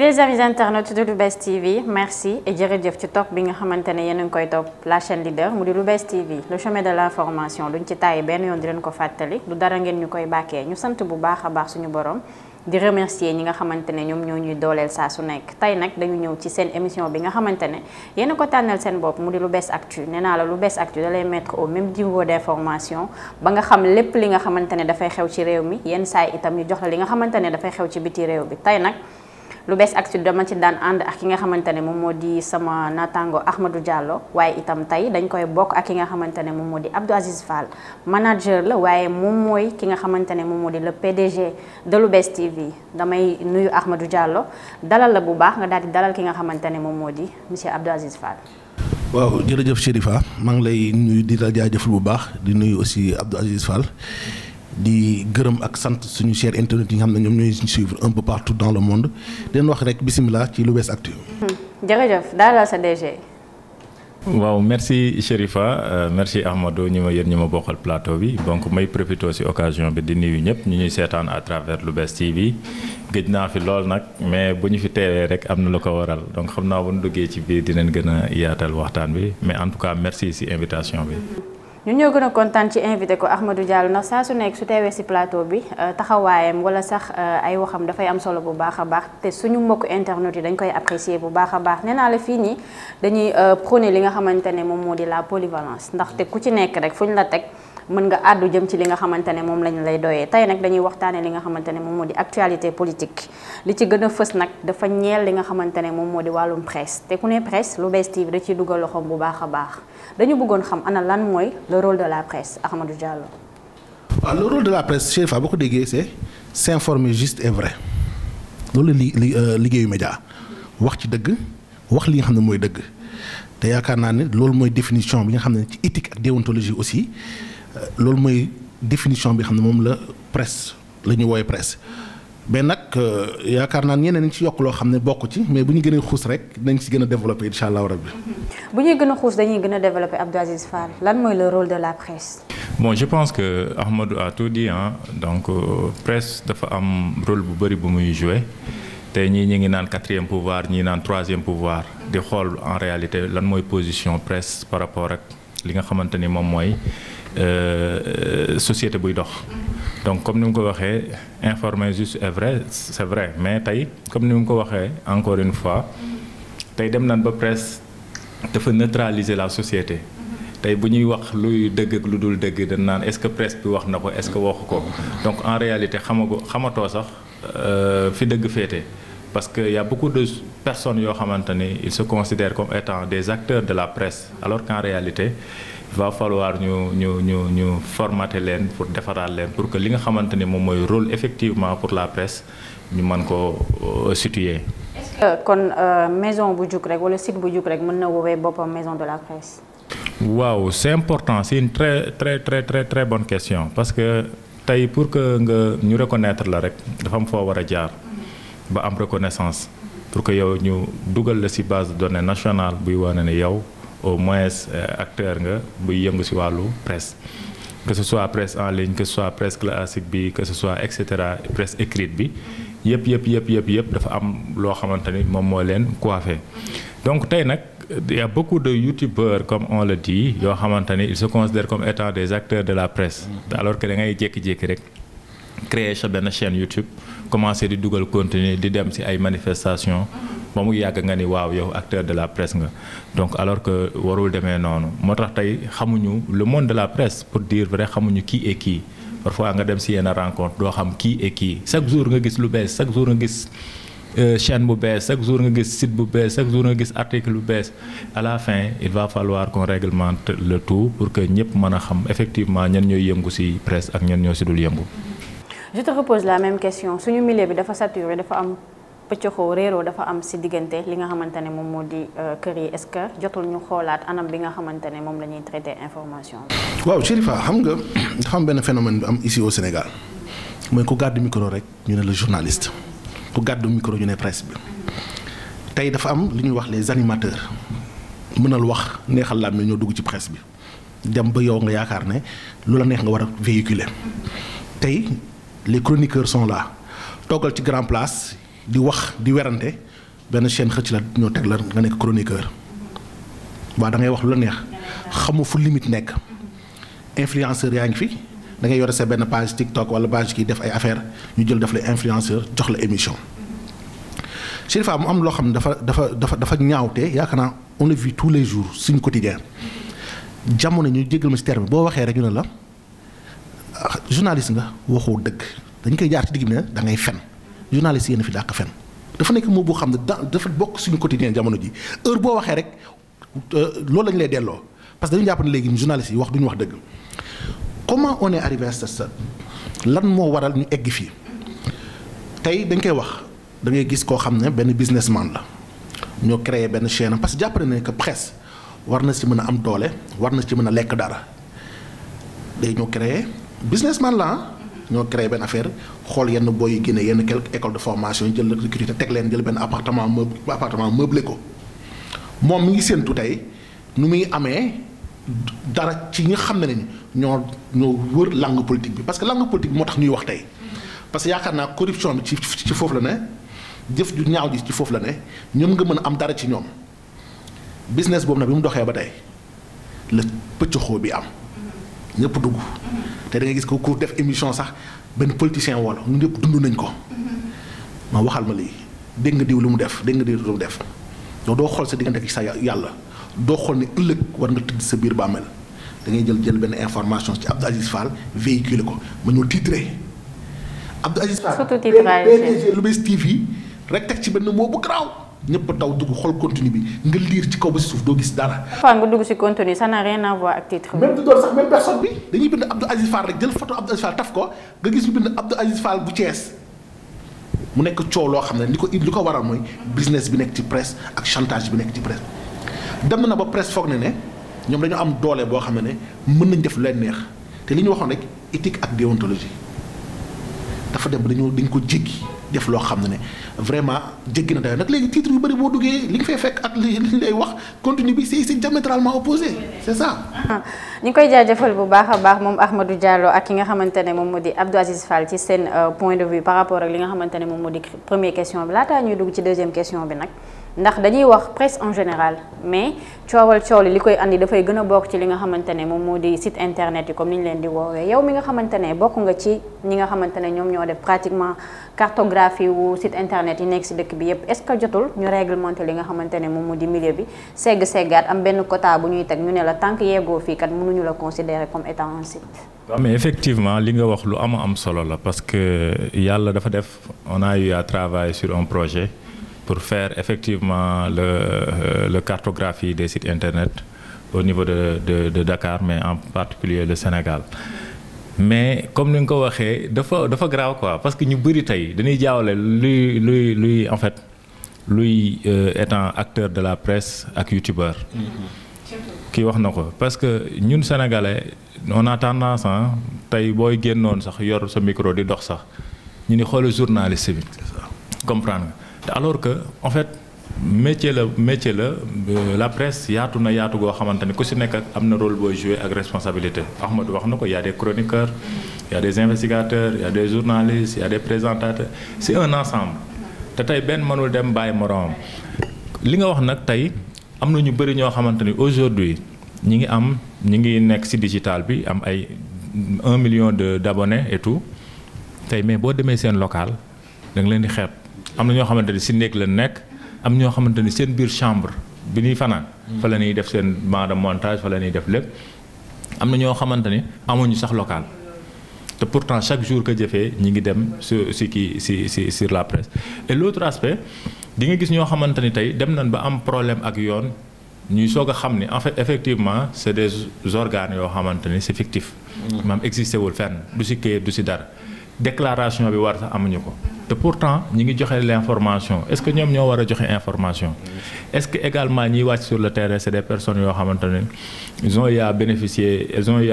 les amis internautes de Lou'Bess TV merci et jërëjëf ci topp bi nga xamante ne yéen a ngi koy topp la chaîne leader mu di Lou'Bess TV le chemin de l'information duñ ci tàyyi benn yoon di leen ko fàttali du dara ngeen ñu koy bàkkee ñu sant bu baax a baax suñu borom di remercier ñi nga xamante ne ñoom ñoo ñuy dooleel saa su nekk tey nag dañu ñëw ci seen émission bi nga xamante ne yéen a ko tànnal seen bopp mu di Lou'Bess Actu nee naa la lu Lou'Bess Actu da lay mettre au même niveau d'information ba nga xam lépp li xamante ne dafay xew ci réew mi yenn saa itam ñu jox li nga xamante ne dafay xew ci biti réew bi tey nag lu bees actu dama ci daan ànd ak ki nga xamante ne moom moo di sama naataango Ahmadou jàllo waaye itam tey dañ koy bokk ak ki nga xamante ne moom moo di Abdou Aziz Fall manager la waaye moom mooy ki nga xamante ne moom moo di le PDG dalu Lou'Bess TV damay nuyu Ahmadou jàllo dalal la bu baax nga daal di dalal ki nga xamante ne moom moo di monsieur Abdou Aziz Fall. jërëjëf Chérifa maa ngi lay nuyu di bu baax di nuyu aussi Abdou Aziz di gërëm ak sant suñu chers internet yi nga xam ne ñoom ñooy suivre un peu partout dans le monde di leen wax rek bisimilah ci lu bees actu. Hmm. jërëjëf daal sa DG. waaw merci Chérifa euh, merci Ahmadou ñi ma yër ñi ma bokkal plateau bi donc may profité ci occasion bi di nuyu ñëpp ñu ñuy seetaan à travers Lou'Bess TV gëj naa fi lool nag mais bu ñu fi teewee rek am na lu ko waral donc xam naa bu ñu duggee ci biir dinañ gën a yaatal waxtaan bi mais en tout cas merci ci invitation bi. ñu ñoo gën a kontaan ci invité ko Ahmadou Diallo ndax saa su nekk su teewee si plateau bi euh, taxawaayam wala sax euh, ay waxam dafay am solo bu baax a baax te suñu mbokk internet yi dañ koy apprécier bu baax a baax nee naa la fii nii dañuy euh, prôné li nga xamante ne moom moo di la polyvalence ndaxte ku ci nekk rek fu ñu la teg. mën nga àddu jëm ci li nga xamante ne moom lañ lay doyee tey nag dañuy waxtaane li nga xamante ne moom moo di actualité politique li ci gën a fës nag dafa ñeel li nga xamante ne moom moo di wàllum presse te ku ne lu bees TV da ciy dugal loxoom bu baax a baax dañu bëggoon xam ana lan mooy le rôle de la presse Ahmadou Diallo. waaw le rôle de la presse Chérif boo ko déggee c'est s'informer juste et vrai loolu li li euh, liggéeyu média wax ci dëgg wax li nga xam ne mooy dëgg te yaakaar naa ne loolu mooy définition bi nga xam ne ci éthique ak aussi. loolu mooy définition bi xam ne moom la presse la ñu wooye presse mais nag euh, yaakaar naa ñeneen ñi ci yokk loo xam ne bokk ci mais bu ñu gën a xuus rek nañ ci gën a développé incha allahu rabbi. Mm-hmm. bu ñuy gën a xuus dañuy gën a développé Aziz Fall lan mooy le rôle de la presse. bon je pense que Ahmadou a tout dit ah donc euh, dafa am rôle bu bëri bu muy joué te ñii ñu ngi naan quatrième pouvoir ñii naan troisième pouvoir di xool en réalité lan mooy position presse par rapport ak li nga xamante ni moom mooy. Euh, euh, société buy dox donc comme ni mu ko waxee informer juste est vrai c'est vrai mais tey comme ni mu ko waxee encore une fois tey dem nañ ba presse dafa neutraliser la société tey bu ñuy wax luy dëgg ak lu dul dëgg dañ naan est-ce que presse bi wax na ko est-ce que waxu ko donc en réalité xamago xamatoo sax euh, fi dëgg féete parce que y a beaucoup personnes yoo xamante ni ils se considèrent comme étant des acteurs de la presse alors qu'en réalité va falloir ñu ñu ñu ñu formate leen pour defaraal leen pour que li nga xamante ni moom mooy rôle effectivement pour la presse ñu man ko euh, situer. kon euh, maison bu jug rek wala site bu jug rek mën na woowee boppam maison de la presse. waaw c'est important c'est très très très très très question parce que tey pour que nga ñu reconnaître la rek dafa am foo war a jaar ba am reconnaissance pour que yow ñu dugal la ci base de données nationale buy wane ne yow. au moins euh, acteur nga buy yëngu ci wàllu presse que ce soit presse en ligne que ce soit presse classique bi que ce soit et cetera presse écrite bi yëpp yëpp yëpp yëpp yëpp dafa am loo xamante ni moom moo leen coiffé donc tey nag il y a beaucoup de youtubeurs comme on le dit yoo xamante ni ils se considèrent comme étant des acteurs de la presse alors que da ngay jékki-jékki rek créer sa benn chaîne YouTube commencer di dugal contenu di dem ci ay manifestation ba mu yàgg nga ni waaw yow acteur de la presse nga donc alors que warul demee noonu moo tax tey xamuñu le monde de la presse pour dire vrai xamuñu kii est qui parfois nga dem si yenn rencontre doo xam kii est qui chaque jour nga gis lu bees chaque jour nga gis euh, chaîne bu bees chaque jour nga gis site bu bees chaque jour nga gis article bu bees à la fin il va falloir qu'on réglemente le tout pour que ñëpp mën a xam effectivement ñan ñooy yëngu ci presse ak ñeen ñoo ci dul yëngu. je te repose la même pëccoxoo réeroo dafa am si diggante li nga xamante ne moom moo di euh, kër yi est que jotul ñu xoolaat anam bi nga xamante ne moom la ñuy traité information bi. waaw Chérifa xam nga dafa am benn phénomène bi am ici au Sénégal mooy ku gàddu micro rek ñu ne la journaliste ku gàddu micro ñu ne presse bi tey dafa am li ñuy wax les mën nal wax neexal laam ñoo dugg ci presse bi dem ba yow nga yaakaar ne lu la neex nga war a véhiculer tey les chroniqueurs sont là toggal ci grand di wax di werante benn chaine xëcc la ñoo teg la nga nekk chroniqueur waaw da ngay wax lu la neex xamu fu limite nekk influenceur yaa ngi fi da ngay yore sa benn page TikTok wala page kii def ay affaire ñu jël def la influenceur jox la émission. Chérifa mu am loo xam ne dafa dafa dafa dafa ñaawte yaakaar naa on le vit tous les jours suñu quotidien jamono ñu jégal ma si terme boo waxee rek ñu ne la ah, journaliste nga waxoo dëkk dañ koy jaar ci digg ne da ngay fen. journaliste yéen fi dàq fen dafa nekk moo boo xam ne dafa bokk suñu quotidien jamono ji heure boo waxee rek euh, loolu la lay delloo parce que dañu jàpp ne léegi journaliste yi wax duñu wax dëgg comment on est arrivé à lan moo waral ñu egg fii tey dañ koy wax dangay gis koo xam ne benn businessman la ñoo créé benn chaîne parce que jàpp na ne que presse war na si mën a am doole war na ci mën a lekk dara day ñoo créé businessman la ah. ñoo créé benn affaire xool yenn booy yu génne yenn quelque école de formation jël la recruter teg leen jël benn appartement meuble appartement meublé ko moom mi ngi séentu tey nu muy amee dara ci nga xam ne ni ñoo ñoo wër langue politique bi parce que langue politique bi moo tax ñuy wax parce que yaakaar naa corruption bi ci ci foofu la ne jëf ju ñaaw ji ci foofu la ne ñoom nga mën am dara ci ñoom business boobu nag bi mu doxee ba tey la pëcc xoo bi am ñépp dugg. te da nga gis ko ku def émission sax benn politicien woo la ñun ñëpp dund nañ ko. ma waxal ma lii dégg nga diw lu mu def dégg nga diw lu mu def yow doo xool sa diggante ak sa yàlla doo xool ne ëllëg war nga tëdd sa biir bàmmeel da ngay jël jël benn information ci Abdou Aziz Fall véhiculé ko ma ñëw titré. Abdou Aziz Fall surtout titrage TV rek teg ci benn boobu bu ñëpp daw dugg xool continue bi nga liir ci kaw ba si suuf doo gis dara. parfois nga dugg si contenu ça n'a rien à voir ak titre bi dañuy bind Abdou Aziz Fall rek jël photo Abdou Aziz taf ko nga gis ñu bind Abdou Aziz faal bu Thiès. mu nekk coow loo xam ne ni ko li ko waral mooy business bi nekk ci presse ak chantage bi nekk ci presse dem na ba presse foog na ne ñoom dañoo am doole boo xam ne mën nañ def lu leen neex te li ñu waxoon rek éthique ak déontologie dafa dem ba dañoo dañ ko jéggi. def loo xam ne ne vraiment jéggi na dayoo nag léegi titre yu bëri boo duggee li nga fay fekk ak li li lay wax contenu bi c'est c'est diamétralement opposé c'est ça. Ah, ñu ngi koy jaajëfal bu baax a baax moom Ahmadou Diallo ak ki nga xamante moom moo di Abdou Aziz Fall ci seen euh, point de vue par rapport ak li nga xamante moom moo di première question bi laataa ñuy dugg ci deuxième question bi nag. ndax dañuy wax presse en général mais coowal coow li li koy indi dafay gën a bokk ci li nga xamante ne moom moo di site internet yi comme ni ñu leen di woowee yow mi nga xamante ne bokk nga ci ñi nga xamante ne ñoom ñoo def pratiquement cartographie wu site internet yi nekk si dëkk bi yépp est-ce que jotul ñu réglementer li nga xamante ne moom moo di milieu bi segg seggaat am benn quota bu ñuy teg ñu ne la tant que yeegoo fii kat mënuñu la considérer comme étant un site. li nga wax lu am am solo la parce que yàlla dafa def a eu à travailler projet. pour faire effectivement le, euh, le cartographie des sites internet au niveau de, de, de Dakar mais en particulier le Sénégal mais comme ni nga ko waxee dafa dafa grave quoi parce que ñu bëri tey dañuy jaawale luy luy luy en fait luy euh, étant acteur de la presse ak youtubeur kii wax na ko parce que ñun sénégalais on a tendance tey booy génnoon sax yor sa micro di dox sax ñu ni xoolal journaliste bi comprendre te alors que en fait métier la métier la euh, la presse yaatu na yaatu goo xamante ne ku si nekk ak am na rôle boo jouer ak responsabilité Ahmadou wax na ko yaa a des chroniqueurs y a des investigateurs y a des journalistes y a des présentateurs un ensemble te tey benn mënul dem bàyyi moroomam li nga wax nag tey am na ñu bëri ñoo xamante ni aujourd'hui ñi ngi am ñi ngi nekk si digital bi am ay un million de d'abonnés et tout tey mais boo demee seen local da leen di xeeb am na ñoo xamante ni si néeg la nekk am ñoo xamante ni seen biir chambre bi ñuy fanaan. fa la ñuy def seen banc de montage fa la ñuy def lépp am na ñoo xamante ni amuñu sax local. te pourtant chaque jour que jëfee ñi ngi dem su si kii si si sur la presse et l' autre aspect di nga gis ñoo xamante ni tey dem nañ ba am problème ak yoon ñuy soog a xam ni en fait effectivement c' est des organes yoo xamante ni c' est fictif. maanaam mm. existé wul fenn du si kayit du si dara déclaration bi war amuñu ko. te pourtant ñi ngi joxe l' information est ce que ñoom ñoo war a joxe information est ce que également ñiy wàcc sur le terrain c' est des personnes yoo xamante ne ils ont eu à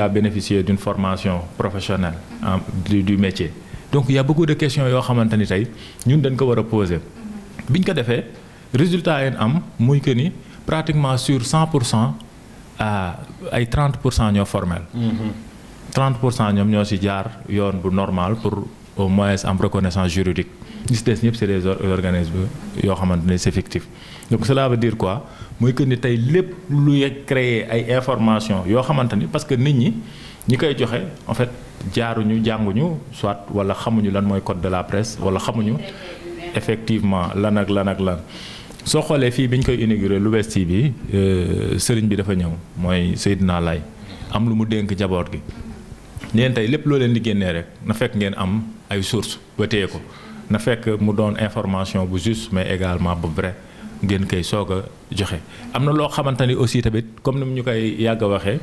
bénéficier ils d'une formation professionnelle en du du métier donc il y a beaucoup de yoo xamante ni tey ñun dañ ko war a poser biñ ko defee résultat yi am muy que ni pratiquement sur cent euh, ay 30 pour cent ñoo formel. 30 mm-hmm. pour cent ñoom ñoo ci jaar yoon bu normal pour. au moins am reconnaissance juridique ñi si des ñëpp c'est des organismes yoo xamante ne c'est fictif donc cela veut dire quoi mooy que ni tey lépp luy créer ay information yoo xamante ni parce que nit ñi ñi koy joxe en fait jaaruñu jànguñu soit wala xamuñu lan mooy code de la presse wala xamuñu effectivement lan ak lan ak lan soo xoolee fii bi ñu koy inauguré Lou'Bess TV bi euh, sëriñ bi dafa ñëw mooy naa lay am lu mu dénk jaboot gi leen tey lépp loo leen di génnee rek na fekk ngeen am ay sources ba ko na fekk mu doon information bu juste mais également bu vrai ngeen koy soog a joxe. am na loo xamante ni aussi tamit comme ni ñu koy yàgg a waxee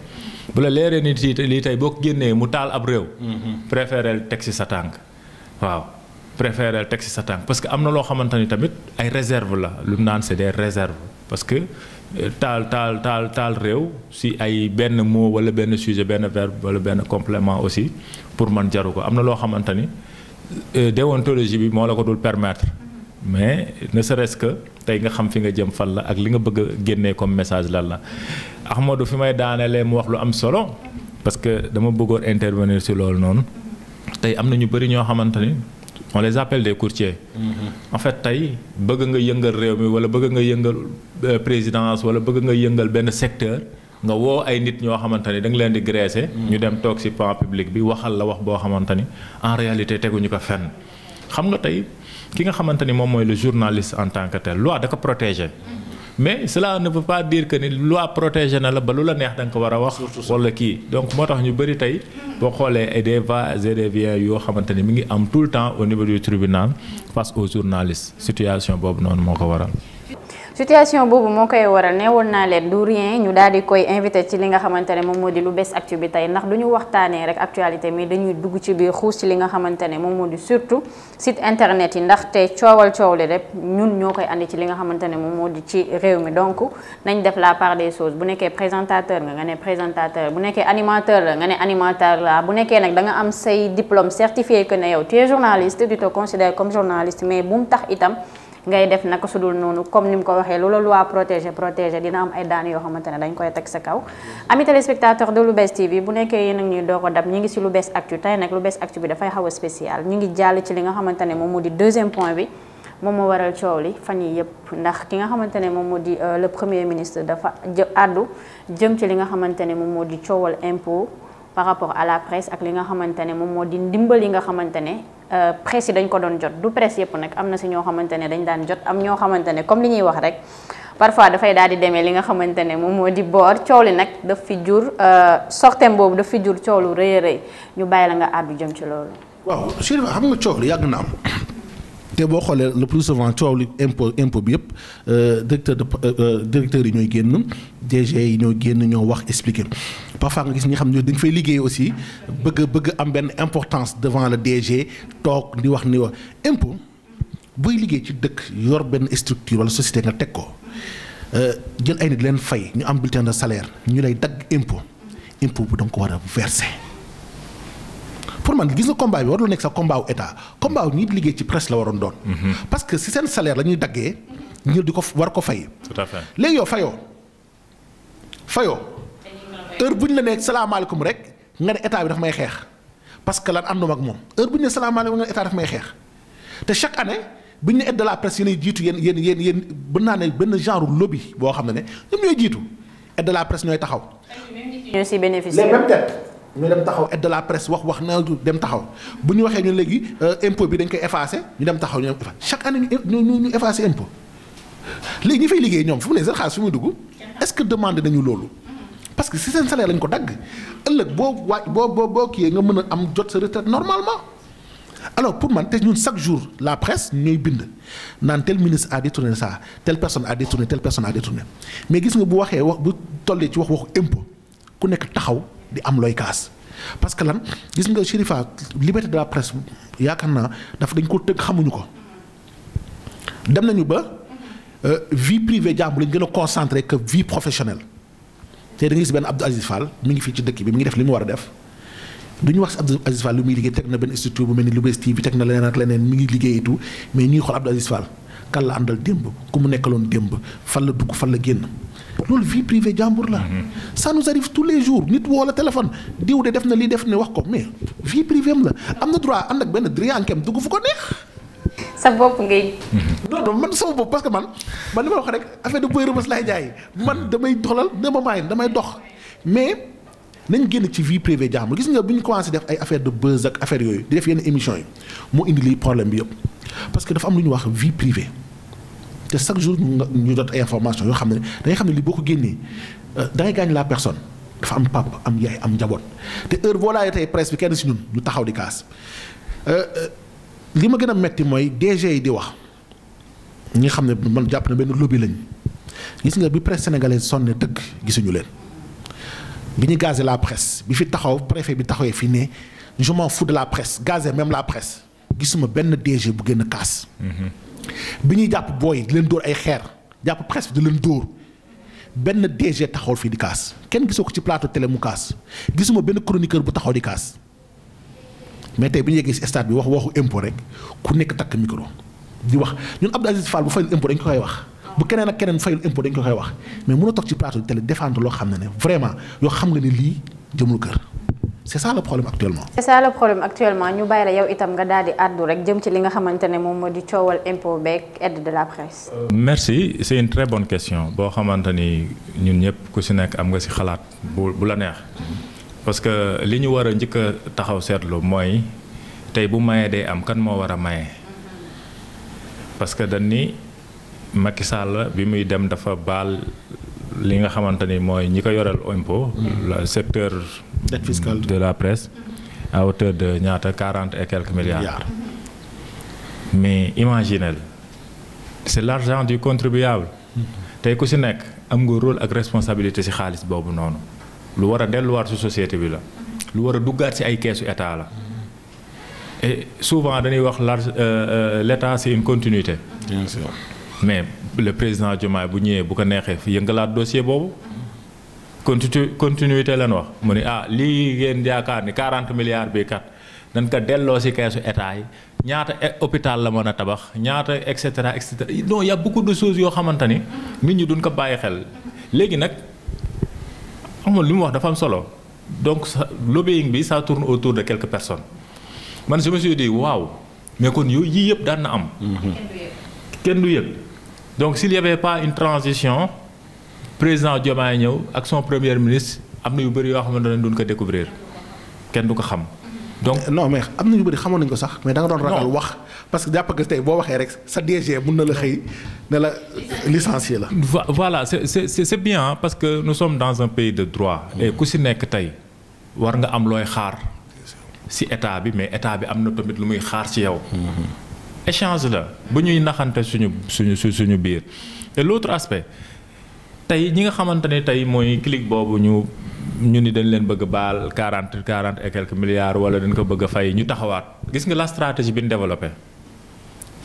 bu la leeree ni lii tey boo ko génnee mu taal ab réew. Mm-hmm. préféreel teg ci sa tànk waaw. préféré teg ci sa tànk parce que am na loo xamante ni tamit ay réserve la lu naan c'est des réserves parce que euh, taal taal taal taal réew si ay benn mot wala benn sujet benn verbe wala benn complément aussi pour man jaru ko am na loo xamante ni Euh, déontologie bi moo la ko dul permettre mais ne serait-ce tey nga xam fi nga jëm fan la ak li nga bëgg a génnee comme message lan la Ahmadou fi may daaneele mu wax lu am solo parce que dama bëggoon intervenir si loolu noonu tey am na ñu bëri ñoo xamante ni on les appelle des courtiers. Mm-hmm. en fait tey bëgg nga yëngal réew mi wala bëgg nga yëngal euh, présidence wala bëgg nga yëngal benn secteur. nga woo ay nit ñoo xamante ni da leen di graisser. Mm. ñu dem toog ci plan public bi waxal la wax boo xamante ni en réalité teguñu ko fenn xam nga tey ki nga xamante ni moom mooy le journaliste en tant que da ko protéger. Mm. mais cela ne veut pas dire que ni loi protégé na la ba lu la neex da ko war a wax. wala kii donc moo tax ñu bëri tey boo xoolee des va et yoo xamante ni mi ngi am tout le temps au niveau du tribunal face aux journalistes situation boobu noonu moo ko waral. situation boobu moo koy waral nee woon naa leen du rien ñu daal di koy invité ci li nga xamante ne moom moo di lu bees actu bi tey ndax du ñu waxtaanee rek actualité mais dañuy dugg ci biir xuus ci li nga xamante ne moom moo di surtout site internet yi ndaxte coowal coow li rek ñun ñoo koy andi ci li nga xamante ne moom moo di ci réew mi donc nañ def la part des choses bu nekkee présentateur nga nga ne présentateur bu nekkee animateur la nga ne animateur la bu nekkee nag da nga am say diplôme certifié que yow tu es journaliste tu te considères mais bu mu tax ngay def naka su dul noonu comme ni mu ko waxee lu la loi protéger protéger dina am ay daan yoo xamante ne dañ koy teg sa kaw ami téléspectateur de Lou'Bess TV bu nekkee yéen ak ñuy doo ko dab ñi ngi si Lou'Bess Actu tey nag Lou'Bess Actu bi dafay xaw a spécial ñu ngi jàll ci li nga xamante ne moom moo di deuxième point bi moom moo waral coow li fan yii yëpp ndax ki nga xamante ne moom moo di euh, le premier ministre dafa jë àddu jëm ci li nga xamante ne moom moo di coowal impôt par rapport à la presse ak li nga xamante ne moom moo di ndimbal yi nga xamante ne euh, presse yi dañ ko doon jot du presse yëpp nag am na si ñoo xamante ne dañ daan jot am ñoo xamante ne comme li ñuy wax rek parfois dafay daal di demee li nga xamante ne moom moo di boor coow li nag daf fi jur euh, sortem boobu daf fi jur coow lu rëy rëy ñu bàyyi la nga àddu jëm ci loolu. waaw Chérif xam nga coow li yàgg na am. te boo xoolee le plus souvent coow li impôt impôt bi yëpp euh, directeur de directeur yi ñooy génn DG yi ñooy génn ñoo wax expliquer parfois nga gis ñi xam ne dañ fay liggéey aussi bëgg bëgg am benn importance devant le DG toog di wax ni wax impôt buy liggéey ci dëkk yor benn structure wala société nga teg ko euh, jël ay nit leen fay ñu am bulletin de salaire ñu lay dagg impôt impôt bu da nga ko war a verser. pour man gis nga combat bi warul nekk sa combat wu état combat wu ñi liggéey ci presse la waroon doon. Mhm. parce que si seen salaire la daggee ñu di ko war ko fay. tout à fait léegi yow fayoo fayoo. heure bu ñu la nee salaamaaleykum rek nga ne état bi daf may xeex parce que lan ànduma ak moom heure bu ñu nee salaamaaleykum nga ne état daf may xeex te chaque année bu ñu jiitu yéen yéen yéen yéen mën naa ne benn genre lobby boo xam ne ne ñoom ñooy jiitu la presse ñooy taxaw. ñoo si bénéficié la presse wax wax na dem taxaw bu ñu waxee ñun léegi euh, impôt bi dañ koy effacé ñu dem taxaw ñu dem effacé chaque année ñu ñu ñu fay liggéey ñoom fu mu ne seen fu muy dugg est-ce que demandé nañu loolu parce que ci seen salaire lañ ko dagg ëllëg boo waaj boo boo boo yee nga mën a am jot sa retraite normalement alors pour man te ñun chaque jour la presse ñooy bind naan tel ministre a détourné ça telle personne a détourné telle personne a détourné mais gis nga bu waxee wax bu tollee ci wax waxu impôt ku nekk taxaw di am looy kaas parce que lan gis nga Chérifa liberté de la presse yaakaar naa dafa dañ ko tëgg xamuñu ko dem nañu ba euh, vie privée jàmbur lañ gën a concentré que vie professionnelle. te da nga gis benn Abdou Aziz Fall mi ngi fii ci dëkk bi mi ngi def li mu war a def du ñu wax Abdou Aziz Fall lu muy liggéey teg na benn structure bu mel ni Lou'Bess TV teg na leneen ak leneen mi ngi liggéey tout mais ñuy xool Abdou Aziz Fall kan la àndal démb ku mu nekkaloon démb fan la dugg fan la génn loolu vie privée jàmbur la. Mhm. ça nous arrive tous les jours nit woo la téléphone diw de def na lii def ne wax ko mais vie privée la am na droit ànd ak benn d dugg fu ko neex. sa bopp ngay. non non man sama bopp parce que man man li ma wax rek affaire de booy lay jaay jaay man damay doxalal dama maay damay dox mais nañ génn ci vie privée jàmm gis nga bu ñu commencé def ay affaire de buzz ak affaire yooyu di def yenn émission yi moo indi lii problème bi yëpp parce que dafa am lu ñu wax vie privée te chaque jour ñu jot ay information yoo xam ne dangay xam ne lii boo ko génnee euh, dangay gaañ la personne dafa am pap am yaay am njaboot te heure boo laajee tey presse bi kenn si ñun ñu taxaw di kaas. Euh, euh, li ma gën a metti mooy DG yi di wax ñi xam ne man jàpp na benn lobby lañ gis nga bi presse sénégalaise sonne tëgg gisuñu leen bi ñu gazé la presse bi fi taxaw préfet bi taxawee fi ne je m'en de la presse gazé même la presse gisuma benn DG bu gën a kaas. Mhm. bi ñuy jàpp booy di leen dóor ay xeer jàpp presse bi di leen dóor benn DG taxawul fii di kaas kenn gisoo ko ci plateau télé mu kaas gisuma benn chroniqueur bu taxaw di kaas. mais tey bu ñu yeggee stade bi wax waxu impôt rek ku nekk takk micro di wax ñun Abdou Aziz Fall bu fayul impôt dañ ko koy wax. bu keneen ak keneen fayul impôt dañ ko koy wax mais mën a toog ci plateau di télé loo xam ne ne vraiment yoo xam nga ne lii jëmul kër. c'est ça le problème actuellement. c'est ça le problème actuellement ñu bàyyi la yow itam nga daal di àddu rek jëm ci li nga xamante ne moom moo di coowal impôt beeg aide de la presse. Euh, merci c'est une question boo xamante ni ñun ñëpp ku si nekk am nga si xalaat bu la neex. parce que li ñu war a njëkk a taxaw seetlu mooy tey bu maye day am kan moo war a maye parce que dañ ni Sall bi muy dem dafa baal li nga xamante ni mooy ñi ko yoreel impôt mm-hmm. le secteur de la presse à hauteur de ñaata quarante et quelques milliards mm-hmm. mais imaginez c'est l'argent du contribuable mm-hmm. tey ku si nekk am nga rôle ak responsabilité si xaalis boobu noonu lu war a delluwaat si société bi la lu war a duggaat si ay keesu état la souvent dañuy wax large euh, euh, l' état c' une continuité. mais le président Diomaye bu ñëwee bu ko neexee fi yëngalaat dossier boobu. continu continuité leen wax mu ne ah lii ngeen yaakaar ni quarante milliards bi kat dañ ko delloo si keesu état yi ñaata e, hôpital la mën a tabax ñaata et cetera et cetera non y' a beaucoup yoo xamante ni nit ñi duñ ko bàyyi xel léegi nag. xam nga lu mu wax dafa am solo donc lobbying bi ça tourne autour de quelques personnes man je me suis dit waaw mais kon yooyu yii yëpp daan na am. kenn du yëg donc s'il y avait pas une transition président Diomaye ñëw ak son premier ministre am na yu bëri yoo xamante ne duñ ko découvrir kenn du ko xam. donc euh, non mais am na ñu bëri xamoon nañu ko sax mais da nga doon ragal wax parce que jàpp tey boo waxee rek sa DG mun na la xëy ne la licencier la. voilà c'est c'est c'est bien parce que nous sommes dans un pays de droit. Mm. et ku si nekk tey war nga am looy xaar si état bi mais état bi am na tamit lu muy xaar ci yow. Mm-hmm. échange la bu ñuy naxante suñu suñu suñu biir te l'autre aspect tey ñi nga xamante ne tey mooy clic boobu ñu. ñu ni dañ leen bëgg a baal quarante quarante et quelques milliards wala dañ ko bëgg a fay ñu taxawaat gis nga la stratégie bi ñu développé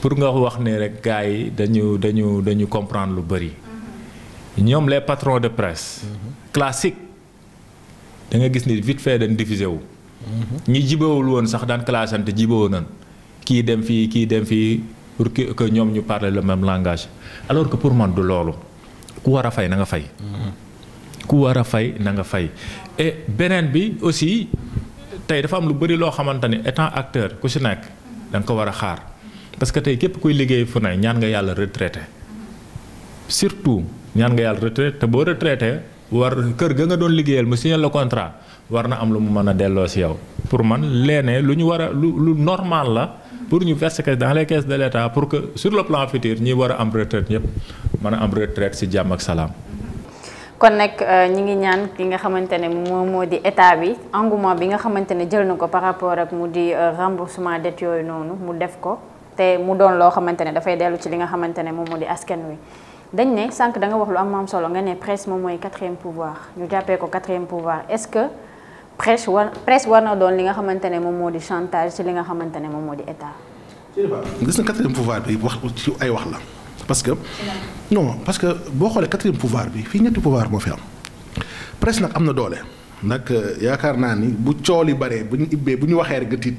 pour nga wax ni rek gars yi dañu dañu dañu comprendre lu bëri ñoom les patrons de presse classique danga gis ni vite fait dañ diffusé wu ñi jibawul woon sax daan classante jibawu nan kii dem fii kii dem fii pour que ñoom ñu parler le même langage alors que pour man du loolu ku war a fay na nga fay ku war a fay na nga fay beneen bi aussi tey dafa am lu bëri loo xamante ni étant acteur ku si nekk da nga ko war a xaar parce que tey képp kuy liggéey fu ne ñaan nga yàlla retraité surtout ñaan nga yàlla retraité te boo retraité war kër ga nga doon liggéeyal mu signé la contrat war na am lu mu mën a delloo si yow pour man leenee lu ñu war a lu lu normal la pour ñu verser que dans les caisses de l'État pour que sur le plan futur ñi war a am retraite ñëpp mën a am retraite si jàmm ak salaam kon nag euh, ñi ngi ñaan ki nga xamante ne moom moo di état bi engouement bi nga xamante ne jël na ko par rapport ak mu di euh, remboursement dette yooyu noonu mu def ko te mu doon loo xamante ne dafay dellu ci li nga xamante ne moom moo di askan wi. dañ ne sànq da nga wax lu am am solo nga ne presse moom mooy quatrième pouvoir ñu jàppee ko quatrième pouvoir est-ce que presse war presse war na doon li nga xamante ne moom moo di chantage ci li nga xamante ne moom moo di état. wax ci ay wax la. parce que non parce que boo xoolee quatrième pouvoir bi fii ñetti pouvoir moo fi am presse nag am na doole nag euh, yaakaar naa ni bu cool yi baree bu ñu ibbee bu ñu waxee rek nga tiit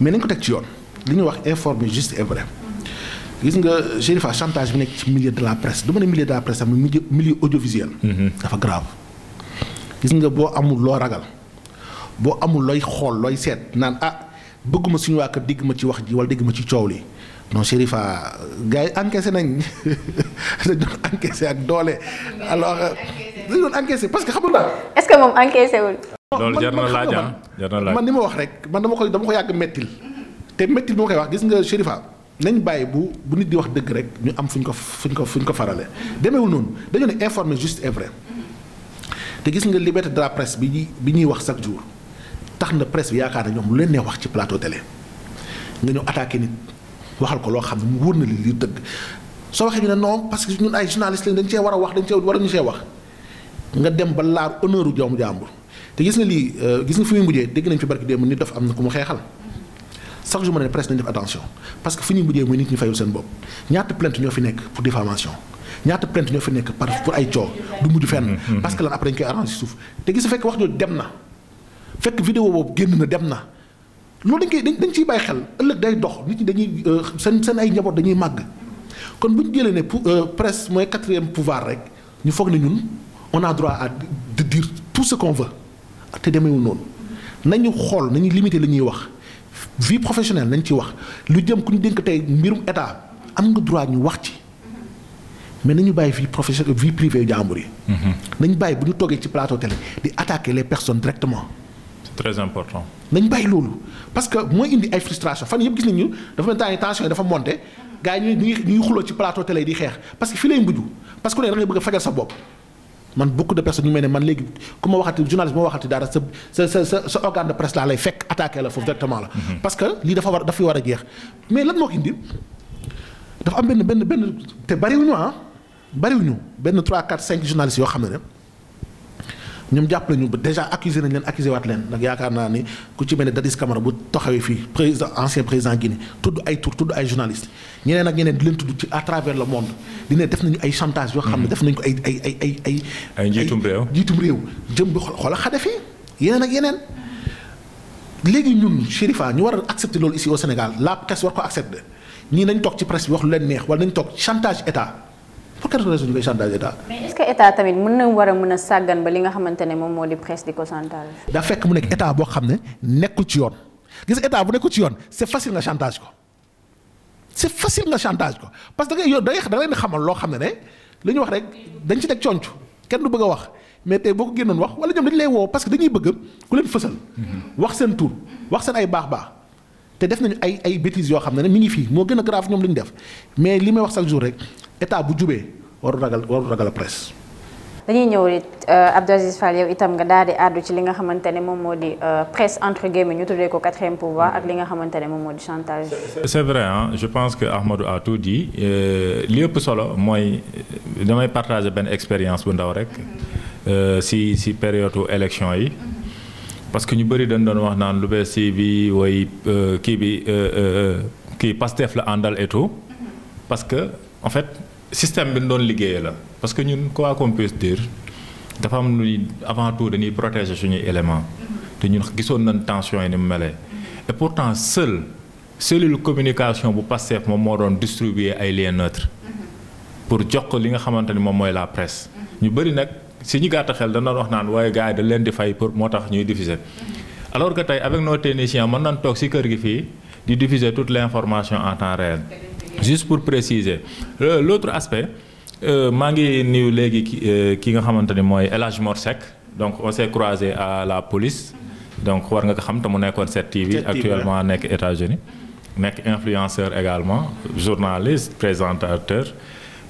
mais nañ ko teg ci yoon li ñu wax informer juste et vrai gis nga Chérifa chantage bi nekk ci milieu de la presse du ma ne milieu de la presse am milieu milieu audiovisuel. Mm-hmm. dafa grave. gis nga boo amul loo ragal boo amul looy xool looy seet naan ah bëgguma suñu waa kër dégg ma ci wax ji wala dégg ci coow li non Chérifa gars yi encaissé nañ dañ doon encaissé ak doole alors euh, dañ doon encaissé parce que xamul naa. est-ce que moom encaissé wul. loolu jar man ni ah. ma wax rek man dama ko dama ko yàgg mettil te mettil moo koy wax gis nga Chérifa nañ bàyyi bu bu nit di wax dëgg rek ñu am fu ñu ko fu ñu ko fu ko farale demeewul noonu dañoo ne informer juste et te gis nga liberté de la presse bi ñuy bi ñuy wax chaque jour tax na presse bi yaakaar na ñoom lu leen nee wax ci plateau télé nga ñëw attaqué waxal ko loo xam ne mu wóor na li li dëgg soo waxee ñu ne non parce que ñun ay journaliste lañ dañ cee war a wax dañ cee war a ñu wax nga dem ba laar honneur u joomu te gis nga lii euh, gis nga fi muy mujjee dégg nañ fi barki démb nit daf am na ku mu xeexal chaque jour ma ne presse nañ def attention parce que fi ñuy mujjee mooy nit ñi fayu seen bopp ñaata plainte ñoo fi nekk pour diffamation ñaata plainte ñoo fi nekk par pour ay coow du mujj fenn. Mm-hmm, mm-hmm. parce que lan après dañ koy arrangé suuf te gis fekk wax jooju dem na boobu génn na dem na. loolu dañ koy dañ dañ ciy bàyyi xel ëllëg day dox nit ñi dañuy euh, seen seen ay njaboot dañuy màgg kon bu ñu jëlee ne pour euh, presque mooy quatrième pouvoir rek ñu foog ne ñun on a droit à de dire tout ce qu'on noonu nañu xool nañu limité li ñuy wax vie professionnelle nañ ci wax lu jëm ku ñu dénk tey mbirum état am nga droit ñu wax ci mais nañu bàyyi vie professionnelle vie privée jàmbur yi. Mm-hmm. nañu bàyyi bu ñu toogee ci plateau télé di attaquer les personne directement. c'est très nañ bàyyi loolu parce que mooy indi ay frustration fan yëpp gis nañu dafa mel ni tension yi dafa monté gars yi ñu ngi xuloo ci plateau télé di xeex parce que lay mujj parce que ku ne da ngay bëgg a fajal sa bopp. man beaucoup de personnes ñu mel ne man léegi ku ma waxati journaliste ma waxati dara sa sa sa organe de presse laa lay fekk attaqué la foofu directement la. Mhm. parce que lii dafa war dafa war a jeex mais lan moo ko indi dafa am benn benn benn te bariwuñu ah bariwuñu benn 3 4 5 journalistes yoo xam ne. ñoom jàpp nañu déjà accusé nañ leen accusé waat leen nag yaakaar naa ni ku ci mel ne Dadis Camara bu taxawee fii président ancien président Guinée tudd ay tur tudd ay journaliste ñeneen ak ñeneen di leen tudd ci à travers le monde di ne def nañu ay chantage yoo xam ne hmm. def nañu ko ay ay ay ay ay njiitum réew njiitum réew jëm bi xoola Kadhafi yeneen ak yeneen léegi ñun Chérifa ñu war a accepter loolu ici au Sénégal la presse war ko accepter ñii nañ toog ci presse bi leen neex wala nañ toog chantage état pour quelle raison ñu koy chantage état. mais na war a mën a sàggan ba li nga xamante ne moom moo di presse di ko chantage. daa fekk mu nekk état boo xam ne nekkul ci yoon gis état bu nekkul ci yoon c'est facile nga chantage ko c'est facile nga chantage ko parce que da ngay yow da ngay leen xamal loo xam ne ne li ñu wax rek dañ ci teg conc kenn du bëgg a wax mais tey boo ko génnoon wax wala ñoom dañu lay woo parce que dañuy bëgg ku leen fësal. wax seen tur wax seen ay baax-baax. te def nañu ay ay bêtises yoo xam ne ne mi ngi fii moo gën a grave ñoom li ñu def mais li may wax chaque jour rek état bu jubee waru ragal waru ragal presse. dañuy ñëw it euh, Abdou Aziz Fall yow itam nga daal di àddu ci li nga xamante ne moom moo di euh, presse entre guillemets ñu tuddee ko quatrième pouvoir ak li nga xamante ne moom moo di chantage. c'est vrai hein je pense que Ahmadou a tout dit euh, li ëpp solo mooy damay partager benn expérience bu ndaw rek si si période élection yi. parce que ñu bëri dañ doon wax naan lu bees si bi way kii bi kii Pastef la àndal et tout parce que en fait. système bi ñu doon liggéeyee la parce que ñun quoi qu'on puisse dire dafa am lu avant tout dañuy protéger suñuy élément te ñun gisoon nañ tension yi ni mu melee et pourtant seul cellule communication bu Pastef moom moo doon distribuer ay liens neutres pour jox ko li nga xamante ni moom mooy la presse ñu bëri nag si ñu gàtt xel dañ doon wax naan waaye gars yi leen di fay pour moo tax ñuy diffuser alors que tey avec nos techniciens mën nañ toog si kër gi fii di diffuser toute l' information en temps réel. juste pour préciser euh, l'autre aspect euh, maa ngi nuyu léegi euh, ki nga xamante ni mooy El Hadj Mor donc on s'est croisé à la police donc war nga ko xam te mu nekkoon 7TV actuellement nekk États-Unis nekk influenceur également journaliste présentateur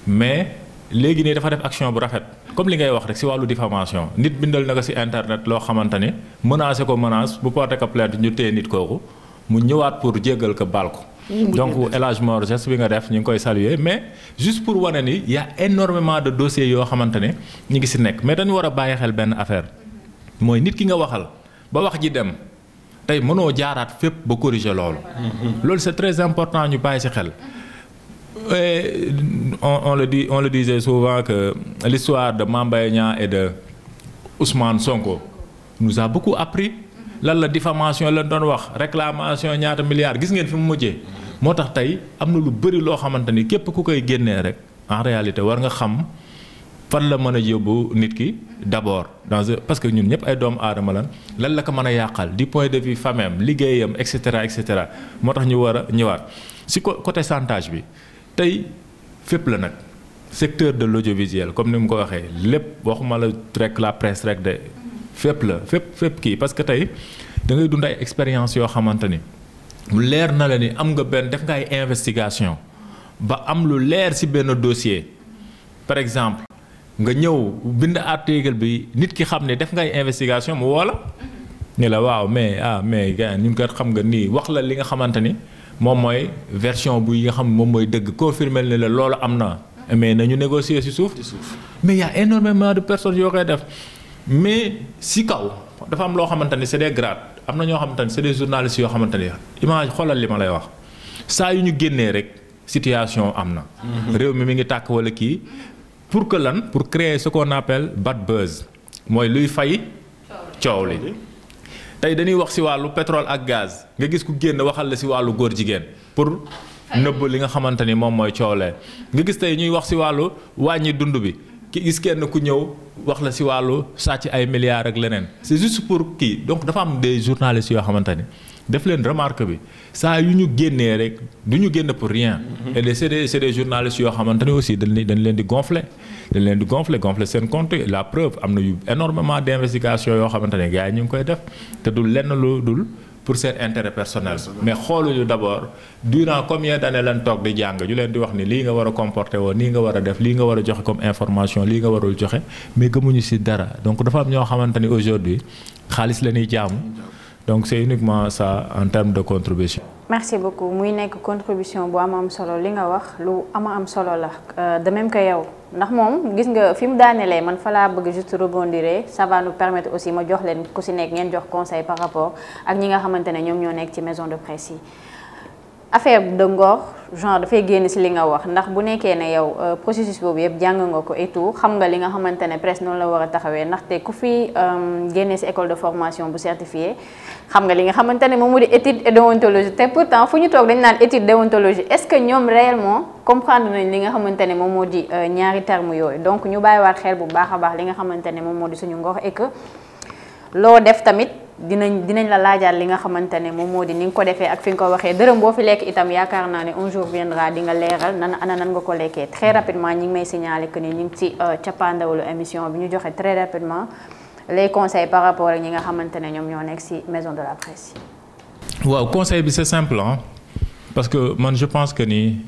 mais léegi nii dafa def action bu rafet comme li ngay wax rek ci wàllu diffamation nit bindal na ko ci internet loo xamante ni menacé ko menace bu porté ko plainte ñu téye nit kooku mu ñëwaat pour jéggal ko baal donc El Hadj Mor geste bi nga def ñu ngi koy saluer mais juste pour wane ni y' énormément de dossiers yoo xamante ne ñu ngi si nekk mais dañu war a bàyyi xel benn affaire mooy nit ki nga waxal ba wax ji dem tey mënoo jaaraat fépp ba corriger loolu. Mm-hmm. loolu c'est très important ñu bàyyi si xel. on on le dit on le disait souvent que l'histoire de Mame Mbaye Niang de Ousmane Sonko nous a beaucoup appris. lan la diffamation lañ doon wax réclamation ñaata milliards gis ngeen fi mu mujjee. moo tax tey am na lu bëri loo xamante ni képp ku koy génnee rek en réalité war nga xam fan la mën a yóbbu nit ki d'abord dans parce que ñun ñëpp ay doomu aadama lan lan la ko mën a yàqal di point de vue fameem liggéeyam et cetera et cetera moo tax ñu war a ñëwaat si côté chantage bi tey fépp la nag secteur de l'audiovisuel comme ni mu ko waxee lépp waxuma la rek la presse rek de. fépp la fépp fépp kii parce que tey da ngay dund ay expérience yoo xamante ni mu leer na la ni am nga benn def nga ay investigation ba am lu leer ci benn dossier par exemple nga ñëw bind article bi nit ki xam ne def ngay investigation mu woo la ni la waaw mais ah mais gars ñun kat xam nga nii wax la li nga xamante ni moom mooy version bu yi nga xam moom mooy dëgg confirmer ne la loolu am na mais nañu négocier ci suuf mais y énormément de personnes yoo mais si kaw dafa am loo xamante ni c'est des grades am na ñoo xamante ni c'est des journalistes yoo xamante ni image xoolal li ma lay wax saa yu ñu génnee rek situation am na. Mhm. réew mi mi ngi tàkk wala kii pour que lan pour créer ce qu'on appelle bad buzz mooy luy fay. coow li tey dañuy wax ci wàllu pétrole ak gaz nga gis ku génn waxal la ci wàllu góor jigéen pour. nëbb li nga xamante ni moom mooy coow lee nga gis tey ñuy wax ci wàllu wàññi dund bi. ki gis kenn ku ñëw wax la si wàllu sàcc ay milliards ak leneen c'est juste pour kii donc dafa am des journalistes yoo xamante ni def leen remarque bi saa yu ñu génnee rek du ñu génn pour rien. Mhm. et c'est des c'est des journalistes yoo xamante ne aussi dañ dañ leen di gonfler dañ leen di gonfler gonfler seen compte la preuve am na yu énormément d'investigation yoo xamante ne gars yi ñu ngi koy def te du lenn lu dul. pour seen intérêt personnel mais xooluñu d'abord durant combien d'années lañ toog di jàng ñu leen di wax ni lii nga war a comporter woo nii nga war a def lii nga war a joxe comme information lii nga warul joxe mais gëmuñu ci dara donc dafa am ñoo xamante ni aujourd'hui xaalis la ñuy jaamu donc c'est uniquement ça en de contribution. merci beaucoup muy nekk contribution bu am am solo li nga wax lu am am solo la euh, de même yow ndax moom gis nga fi mu daanelee man fa laa bëgg juste rebondir ça va nous permettre aussi ma jox leen ku si nekk ngeen jox conseil par rapport ak ñi nga xamante ne ñoom ñoo nekk ci maison de presse yi. affaire de ngor genre dafay génn si li nga wax ndax bu nekkee ne yow euh, processus boobu yëpp jàng nga ko et tout xam nga li nga xamante ne presque noonu la war a taxawee ndaxte ku fi euh, génne si école de formation bu certifié xam nga li nga xamante ne moom moo di étude et déontologie te pourtant fu ñu toog dañ naan étude déontologie est-ce que ñoom réellement comprendre nañ li nga xamante ne moom moo di euh, ñaari termes yooyu donc ñu bàyyiwaat xel bu baax a baax li nga xamante ne moom moo di suñu ngor et que def tamit. dinañ dinañ la laajaat li nga xamante ne moom moo di ni nga ko defee ak fi nga ko waxee dërëm boo fi lekk itam yaakaar naa ne un jour viendra di nga leeral nan ana nan nga ko lekkee très rapidement ñi ngi may signaler que ni ñu ngi ci euh, cappaandawalu émission bi ñu joxe très rapidement les conseils par rapport ak ñi nga xamante ne ñoom ñoo nekk ci maison de la presse yi. waaw conseil bi c'est simple parce que man je pense que nii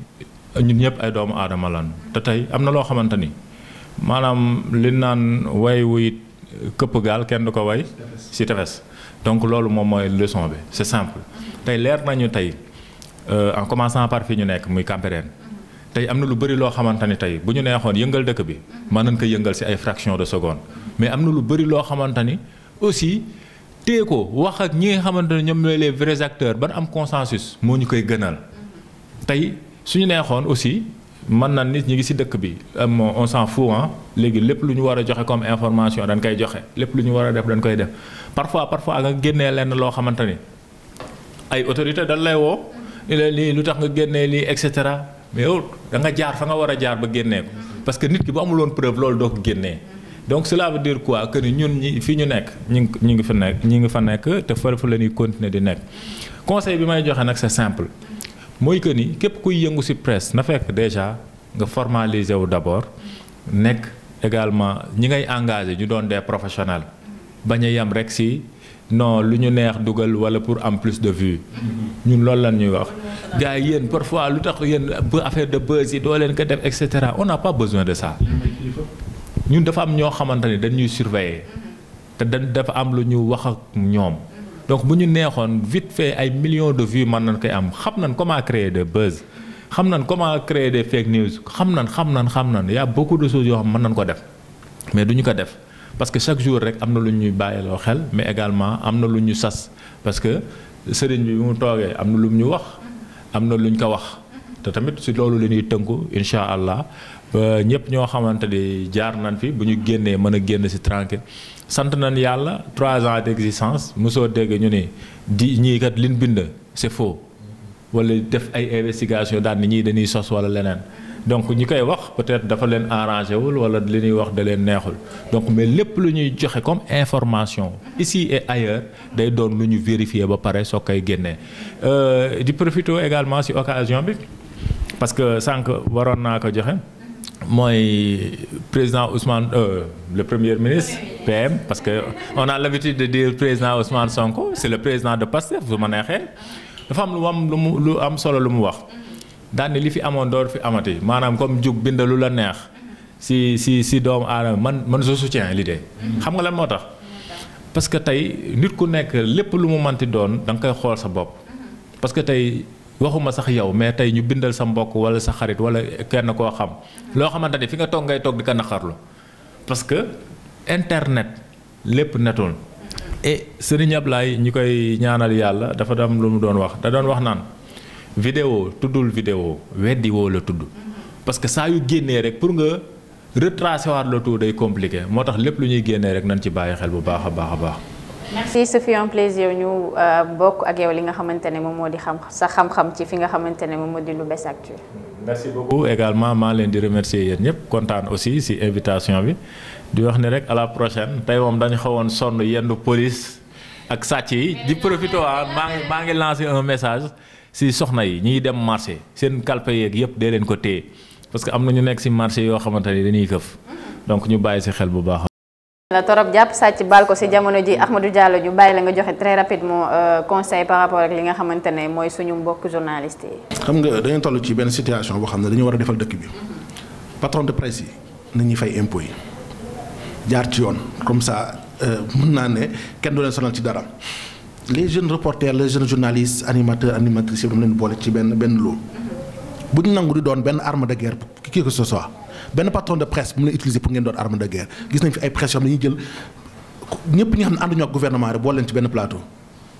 ñun ñëpp ay doomu aadama lan te tey am na loo xamante ni maanaam li naan way wuyit këpp gaal kenn ko way ci tefes. donc loolu moom mooy leçon bi c'est simple tey leer nañu tey euh, en commençant par fi ñu nekk muy Cambérène tey am na lu bari loo xamante ni tey bu ñu neexoon yëngal dëkk bi mën nañ ko yëngal si ay fraction de seconde mais am na lu bari loo xamante ni aussi tée ko wax ak ñi nga xamante ne ñoom ñooy les vrais acteurs ban am consensus moo ñu koy gënal tey suñu neexoon aussi man na nit ñi ngi si dëkk bi on s'en fout ah léegi lépp lu ñu war a joxe comme information dañ koy joxe lépp lu ñu war a def dañ koy def parfois parfois nga génnee lenn loo xamante ni ay autorité dañ lay woo ni lii lu tax nga génnee lii et cetera mais yow danga jaar fa nga war a jaar ba génnee ko parce que nit ki bu amuloon preuve loolu doo ko génnee donc cela veut dire quoi que ni ñun ñi fi ñu nekk ñi ngi ngi fa nekk ñi ngi fa nekk te farafu la ñuy continuer di nekk conseil bi may joxe nag c'est simple mooy que ni képp kuy yëngu si presse na fekk déjà nga formaliser wu d'abord nekk également ñi ngay engagé ñu doon des professionnels bañ a yem rek ci non lu ñu neex dugal walla pour am plus de vues ñun loolu lan ñuy wax gars yi yéen parfois lu tax yéen affaire de buzz yi doo leen ko def et on n'a pas besoin de ça ñun dafa am ñoo xamante ni dañuy surveiller te dañ dafa am lu ñu wax ak ñoom donc bu ñu neexoon vite fait ay millions de vie mën nañ koy am xam nañ comment créer de buzz xam nañ comment créer des fake news xam nañ xam nañ xam nañ y a beaucoup de yoo xam mën nañ ko def mais du ñu ko def parce que chaque jour rek am na lu ñuy bàyyiloo xel mais également am na lu ñu sas parce que sëriñ bi mu toogee am na lu ñu wax am na lu ñu ko wax te tamit si loolu lu ñuy tënku incha allah ba ñëpp ñoo xamante ni jaar nañ fi bu ñu génnee mën a génn si tranquille sant nañ yàlla trois ans d' existence mosoo dégg ñu ne di ñii kat liñ bind c' est faux wala def ay investigation daan ni ñii dañuy sos wala leneen donc ñi koy wax peut-être dafa leen arrangé wul wala li ñuy wax da leen neexul donc mais lépp lu ñuy joxe comme information ici et ailleurs day doon lu ñu vérifier ba pare soo koy génnee euh, di profité également ci occasion bi parce que sànq waroon naa ko joxe. mooy président Ousmane euh, le premier ministre p parce que on a l'habitude de dire président Ousmane Sonko c'est le président de Pastef su ma neexee dafa am lu am lu mu lu am solo lu mu wax daan li fi amoon door fi amati maanaam comme jug bindalu la neex si si si doomu aadama man man je soutiens l'idée xam nga lan moo tax parce que tey nit ku nekk lépp lu mu manti doon da nga koy xool sa bopp parce tey waxuma sax yow mais tey ñu bindal sa mbokk wala sa xarit wala kenn koo xam loo xamante ni fi nga toog ngay toog di ko naqarlu parce que internet lépp netoon et Serigne Ablaye ñu koy ñaanal yàlla dafa am lu mu doon wax da doon wax naan vidéo tuddul vidéo weddi woo la tudd parce que saa yu génnee rek pour nga retracer waat le tout day compliqué moo tax lépp lu ñuy génnee rek nañ ci bàyyi xel bu baax a baax a baax merci ce fut un plaisir ñu euh, bokk ak yow li nga xamante ne moom moo di xam sa xam-xam ci fi nga xamante ne moom moo di Lou'Bess Actu merci beaucoup également maa leen di remercier yéen ñëpp kontaan aussi si invitation bi di wax ni rek à la prochaine tey moom dañu xawoon sonn yendu police ak sàcc yi di profité ah, maa ngi maa ngi lancé un message si soxna yi ñuy dem marché seen kalpe yeeg yëpp dee leen ko téye parce que am na ñu nekk si marché yoo xamante ni dañuy këf mm-hmm. donc ñu bàyyi si xel bu baax. la torop jàpp sàcc baal ko si jamono ji Ahmadou Diallo ju bàyyi la nga joxe très rapidement euh, conseil par rapport ak li nga xamante ne mooy suñu mbokk journaliste yi. xam nga dañu toll ci benn situation boo xam ne dañu war a defal dëkk bi patron de presse yi nañuy fay impôt yi jaar ci yoon comme ça euh, mën naa ne kenn doon leen sonal ci dara les jeunes reporters les jeune journalistes animateurs animatrice yëpp dama leen boole ci benn benn loo bu nangu di doon benn arme de guerre qui que ce soit. benn patron de presse mu lay utiliser pour ngeen doon arme de guerre gis nañ fi ay presse yoo xam ne dañuy jël ñëpp ñi nga xam ne ànduñu ak gouvernement rek boole leen ci benn plateau.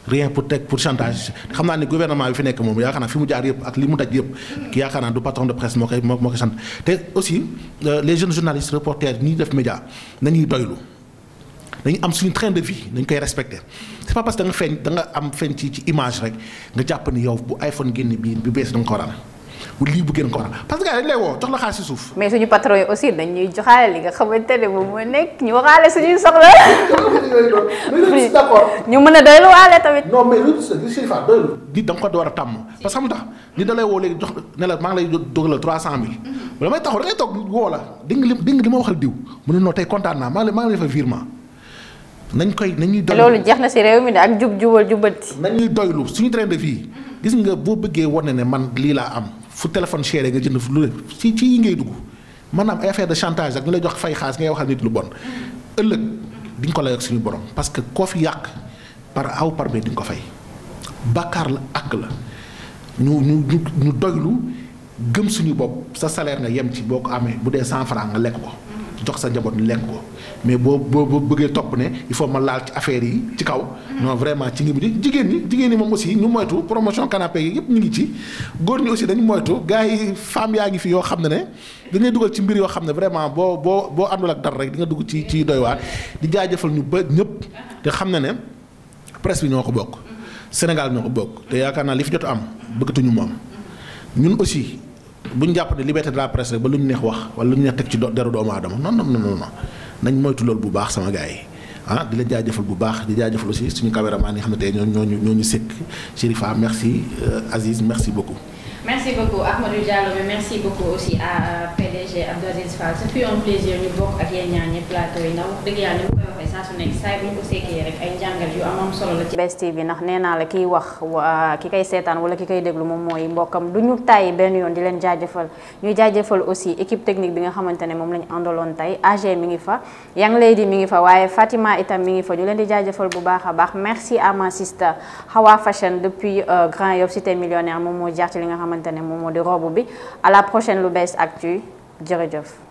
rien pour teg pour chantage xam naa ne gouvernement bi fi nekk moom yaakaar naa fi mu jaar yëpp ak li mu daj yëpp yaakaar naa du patron de presse moo koy moo koy sant te aussi euh, les jeunes journalistes reporters ñi def média nañuy doylu dañu am suñu train de vie dañ koy respecté c'est pas parce da nga am feeñ ci ci image rek nga jàpp ni yow bu iPhone génn bii bi bees da nga ko war bu lii bu na ko war parce que gars yi dañ lay woo suuf. mais suñu patron yi aussi dañ ñuy joxaale li nga xamante ne moom moo nekk ñu waxaale suñuy soxla. d' accord ñu mën a doylu waale tamit. non mais lu nit da ko door a tàmm parce que xam tax nit da lay woo léegi jox ne la maa ngi lay dogalal trois cent mille. bu mhm. damay taxaw da ngay toog woo la dégg li dégg li ma waxal diw mu ne non tey kontaan naa maa ngi lay maa ngi lay defal virement. nañ koy nañuy doylu loolu jeex na si réew mi de ak jub jubal jubanti. nañuy doylu suñu train de vie gis nga boo bëggee wane ne man lii laa am fu téléphone chéré nga jënd fu lu ci ci yi ngay dugg maanaam ay affaire de chantage ak ñu lay jox fay xaas ngay waxal nit lu bon ëllëg di ko lay ak suñu borom parce que koo fi yàq par aw par bi di ko fay bàkkaar la àkk la ñu ñu ñu ñu doylu gëm suñu bopp sa salaire nga yem ci boo ko amee bu dee cent franc nga lekk ko jox sa njaboot lekk ko mais boo boo boo bëggee topp ne il faut ma laal ci affaire yi ci kaw. Mm. non vraiment ci ngi bi jigéen ñi jigéen ñi moom aussi ñu moytu promotion canapé yi yëpp ñu ngi ci. góor ñi aussi dañu moytu gars yi femmes yaa ngi fi yoo xam ne ne dañuy dugal ci mbir yoo xam ne vraiment boo boo boo àndul ak dara rek di dugg ci ci doy waar di jaajëfal ñu ba ñëpp te xam ne ne presse bi ñoo ko bokk. Mm. Sénégal ñoo ko bokk te yaakaar naa li fi jot am bëggatuñu moom ñun aussi. bu ñu jàpp ne liberté de la presse rek ba lu ñu neex wax wala lu ñu neex teg ci deru doomu aadama non non non non nañ moytu lool bu baax sama gars yi ah di la jaajëfal bu baax di jaajëfal aussi suñu caméraman yi nga xam ne tey ñoo ñoo ñu ñoo ñu sëkk Chérifa merci euh, Aziz merci beaucoup. merci beaucoup Ahmadou Diallo mais merci beaucoup aussi à PDG Abdoulaziz Fall ce fut plateau yi ndax dëgg yàlla ni ma koy waxee saa su nekk saa bu ma ko seekee rek ay njàngal yu am solo la ci nee naa la kiy wax ki koy seetaan wala ki koy déglu moom mooy mbokkam du ñu tàyyi benn yoon di leen jaajëfal ñuy jaajëfal aussi équipe technique bi nga xamante ne moom la ñu àndaloon tey AG mi ngi fa Yang Lady mi ngi fa waaye Fatima itam mi ngi fa ñu leen di jaajëfal bu baax a baax merci à ma sister Hawa Fashion depuis euh, Grand Yoff cité millionnaire moom moo jaar li nga xamante xamante ne moom moo di robe bi à la prochaine Lou'Bess Actu jërëjëf